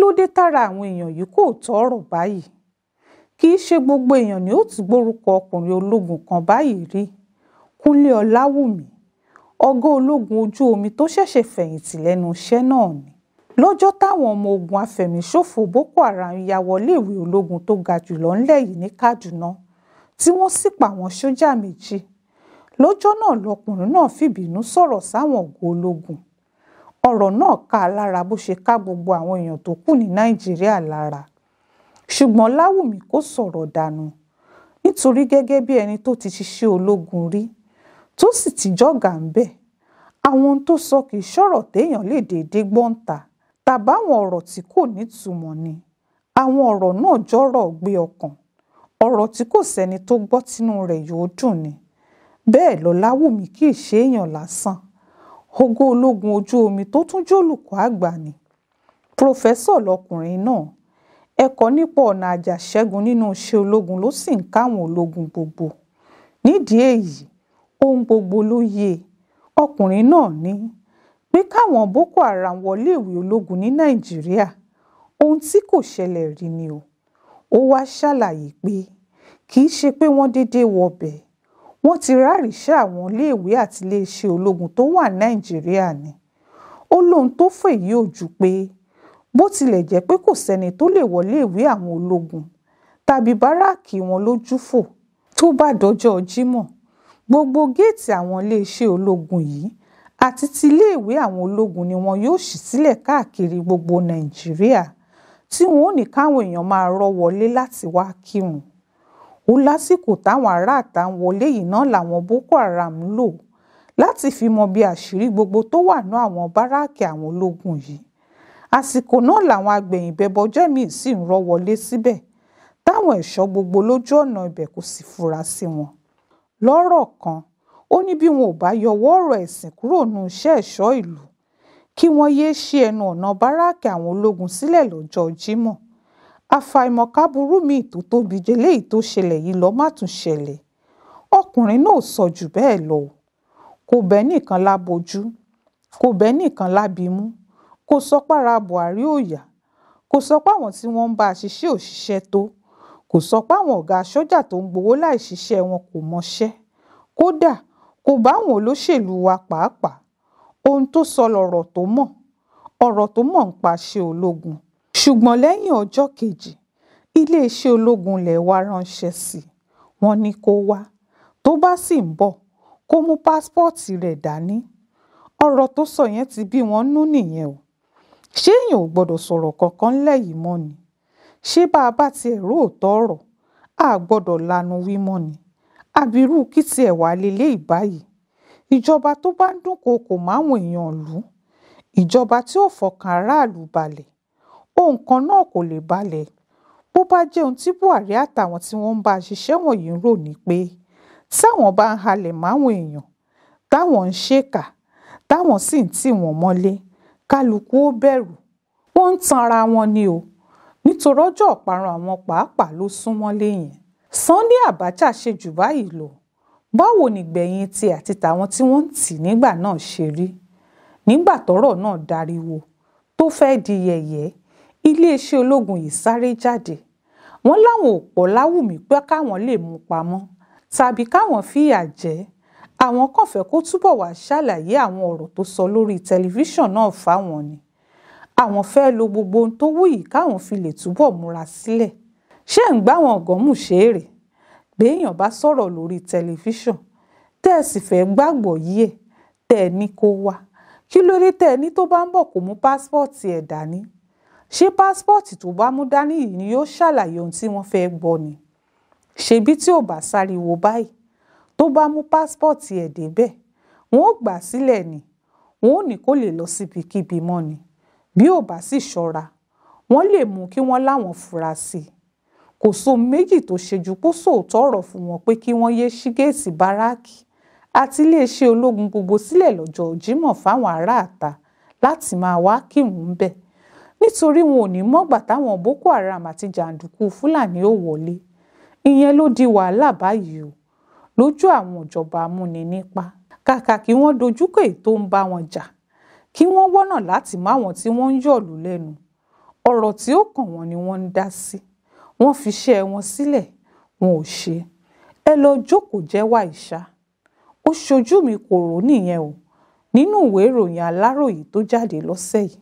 ló dé tára àwọn èèyàn yìí kò tọ́rọ̀ báyìí kì í ṣe gbogbo èèyàn ni ó ti gbórúkọ ọkùnrin ológun kan báyìí rí kúnlé ọláwùmí ọgá ológun ojú omi tó ṣẹ̀ṣẹ̀ fẹ̀yìntì lẹ́nu iṣẹ́ náà ni lọ́jọ́ táwọn ọmọ ogun afẹ̀míṣòfò boko haram ya wọlé ìwé ológun tó ga jùlọ ńlẹ̀ yìí ní kaduna tí wọ́n sì pa àwọn sójà méjì lọ́jọ́ náà lọkùnrin náà fìbínú sọ̀rọ̀ sáwọn ọ̀gá ológun ọ̀rọ̀ náà ká lára bó ṣe ká gbogbo àwọn èèyàn tó kù ní nàìjíríà lára ṣùgbọ́n láwùmí kò sọ̀rọ̀ dànù nítorí gẹ́gẹ́ bí ẹni tó ti ṣiṣẹ́ ológun rí tó sì ti jọ̀gà ń bẹ̀ àwọn ohun tó sọ kì í ṣọ̀rọ̀ téèyàn lè déédéé gbọ́n ta tàbáwọn ọ̀rọ̀ tí kò nítumọ̀ ni àwọn ọ̀rọ̀ náà jọ̀rọ̀ gbé ọkàn ọ̀rọ̀ tí kò sẹ́ni tó gbọ́ tínú rẹ̀ yóò dùn ni bẹ́ẹ̀ lọ láwùmí kì ṣe èèyàn lásán ògo ológun ojú omi tó tún jólùkọ́ àgbà ni pòfẹ́sọ̀ lọkùnrin náà ẹ̀kọ́ nípa ọ̀nà àjàṣẹ́gun nínú iṣẹ́ ológun ló sì ń káwọn ológun gbogbo nídìí èyí ohun gbogbo ló yé ọkùnrin náà ní pé káwọn boko haram wọlé ìwé ológun ní nàìjíríà ohun tí kò ṣẹlẹ̀ rí ni o ó wáá ṣàlàyé pé kì í ṣe pé wọ́n déédéé wọbẹ̀ wọ́n ti rárìíṣà àwọn iléèwé àti iléeṣẹ́ ológun tó wà nàìjíríà ni ó lóhun tó fẹ́ èyí ò ju pé bó tilẹ̀ jẹ́ pé kò sẹ́ni tó lè wọlé ìwé àwọn ológun tàbí báráàkì wọn lójú tó bá dọjọ́ jímọ̀ gbogbo géètì àwọn iléeṣẹ́ ológun yìí àti ti iléèwé àwọn ológun ni wọn yóò ṣí sílẹ̀ káàkiri gbogbo nàìjíríà tí wọn ò ní káwọn èèyàn máa rọ́ wọlé láti wá kírun kú lásìkò táwọn aráàta ń wọlé yìí náà làwọn boko haram lò láti fi mọ bí àṣírí gbogbo tó wà ná àwọn báráàkì àwọn ológun yìí àsìkò náà làwọn agbẹ̀yìnbẹbọjẹ́ míì sì ń rọ́ wọlé síbẹ̀ táwọn ẹ̀ṣọ́ gbogbo lójú ọ̀nà ibẹ̀ kò sì fura sí wọn lọ́rọ̀ kan ó ní bí wọn ò bá yọwọ́ ọ̀rọ̀ ẹ̀sìn kúrò nínú iṣẹ́ ẹ̀ṣọ́ ìlú kí wọ́n yéé ṣí ẹnu ọ̀nà báráàkì àwọn ológun sílẹ̀ lọ́jọ́ Jímọ̀ àfàìmọ̀ káburú míì tó tóbi jeléyìí tó ṣẹlẹ̀ yìí lọ má tún ṣẹlẹ̀ ọkùnrin náà sọ jù bẹ́ẹ̀ lọ kò bẹ́ nìkan lábojú kò bẹ́ nìkan lábimú kò sọ pára Buhari ò yá kò sọ páwọn tí wọ́n ń bá a ṣiṣẹ́ òṣìṣẹ́ tó kò sọ páwọn ọ̀gá sójà tó ń gbowó láì ṣiṣẹ́ wọn kò mọṣẹ́ kódà kò báwọn olóṣèlú wa pàápàá ohun tó sọ lọ̀rọ̀ tó mọ̀ ọ̀rọ̀ tó mọ̀ ń pa ológun ṣùgbọ́n lẹ́yìn ọjọ́ kejì iléeṣẹ́ ológun ilé wa ránṣẹ́ sí i wọ́n ní kó wá tó bá sì ń bọ̀ kó mú pásípọ́ọ̀tì rẹ̀ dání ọ̀rọ̀ tó sọ yẹn ti bí wọ́n nú nìyẹn o ṣé èèyàn ò gbọ́dọ̀ sọ̀rọ̀ kankan ńlẹ̀ mọ́ ni ṣé bá a bá tiẹ̀ róòtọ́ ọ̀rọ̀ a gbọ́dọ̀ lanu wí mọ́ ni àbírú kí tiẹ̀ wà lélẹ̀ ìbáyìí ìjọba tó bá ń dúnkookò máwọn èèyàn lù ú ìjọba tí ò fọkàn aráàlú balẹ̀ ohun kan náà kò lè balẹ̀ bó bá jẹ́ ohun tí buhari àtàwọn tí wọ́n ń bá a ṣiṣẹ́ wọ̀nyí ń rò ní pé táwọn bá ń halẹ̀ máwọn èèyàn táwọn ń ṣèkà táwọn sì ń tì wọ́n mọ́lé kálukú ó bẹ̀rù wọ́n ń tanra wọn ni o nítorí ọjọ́ ọ̀parun àwọn pàápàá ló súnmọ́ lẹ́yìn Sanni Abacha ṣe jù báyìí lọ báwo nìgbẹ̀yìn ti àti tàwọn tí wọ́n ń tì nígbà náà ṣe rí nígbà tọ́rọ̀ náà dariwo tó fẹ́ di yẹ̀yẹ́ iléeṣẹ́ ológun yìí sáré jáde wọ́n láwọn òpó láwùmí pé káwọn lè mú pamọ́ tàbí káwọn fìyà jẹ àwọn kan fẹ́ kó túbọ̀ wá ṣàlàyé àwọn ọ̀rọ̀ tó sọ lórí tẹlifíṣàn náà fáwọn ni àwọn fẹ́ lo gbogbo ohun tó wù yìí káwọn fi lè túbọ̀ múra sílẹ̀ ṣé ń gbá wọn gọ́mù ṣeré béèyàn bá sọ̀rọ̀ lórí tẹlifíṣàn tẹ́ ẹ sì fẹ́ gbàgbọ́ yí ẹ̀ tẹ́ ẹ ní kó wá kí ló tẹ́ ẹ ní tó bá ń bọ̀ kó mú pásítọ̀tì ẹ̀ dání ṣé pásítọ̀tì tó bá mú dání yìí ni yóò ṣàlàyé ohun tí wọ́n fẹ́ gbọ́ ni ṣebí tí ò bá sáriwo báyìí tó bá mú pásítọ̀tì ẹ̀ débẹ̀ wọ́n ò gbà sílẹ̀ ni wọ́n ò ní kó lè lọ síbikíbi mọ́ ni bí ò bá sì ṣọ́ra wọ́n lè mú kí wọ́n láwọn fura sí i kò sóhun méjì tó ṣe ju kó sòótọ́ ọ̀rọ̀ fún wọn pé kí wọ́n yé sí géètì báráàkì àti iléeṣẹ́ ológun gbogbo sílẹ̀ lọ́jọ́ Jímọ̀ fáwọn aráàta láti máa wá kírun ń bẹ̀ nítorí wọn ò ní mọ́gbà táwọn boko haram àti jàǹdùkú fúlàní ò wọlé ìyẹn ló di wàhálà báyìí o lójú àwọn ìjọba amúninípa kàkà kí wọ́n dojúkọ èyí tó ń bá wọn jà kí wọ́n wọ́nà láti má wọn tí wọ́n ń yọ̀lú lẹ́nu ọ̀rọ̀ tí ó kàn wọ́n ni wọ́n ń dá sí wọ́n fi iṣẹ́ wọn sílẹ̀ wọn ò ṣe ẹ lọ jókòó jẹ́wà ìṣá ó ṣojú mi kò rò nìyẹn o nínú ìwé ìròyìn Aláròyé tó jáde lọ́sẹ̀ yìí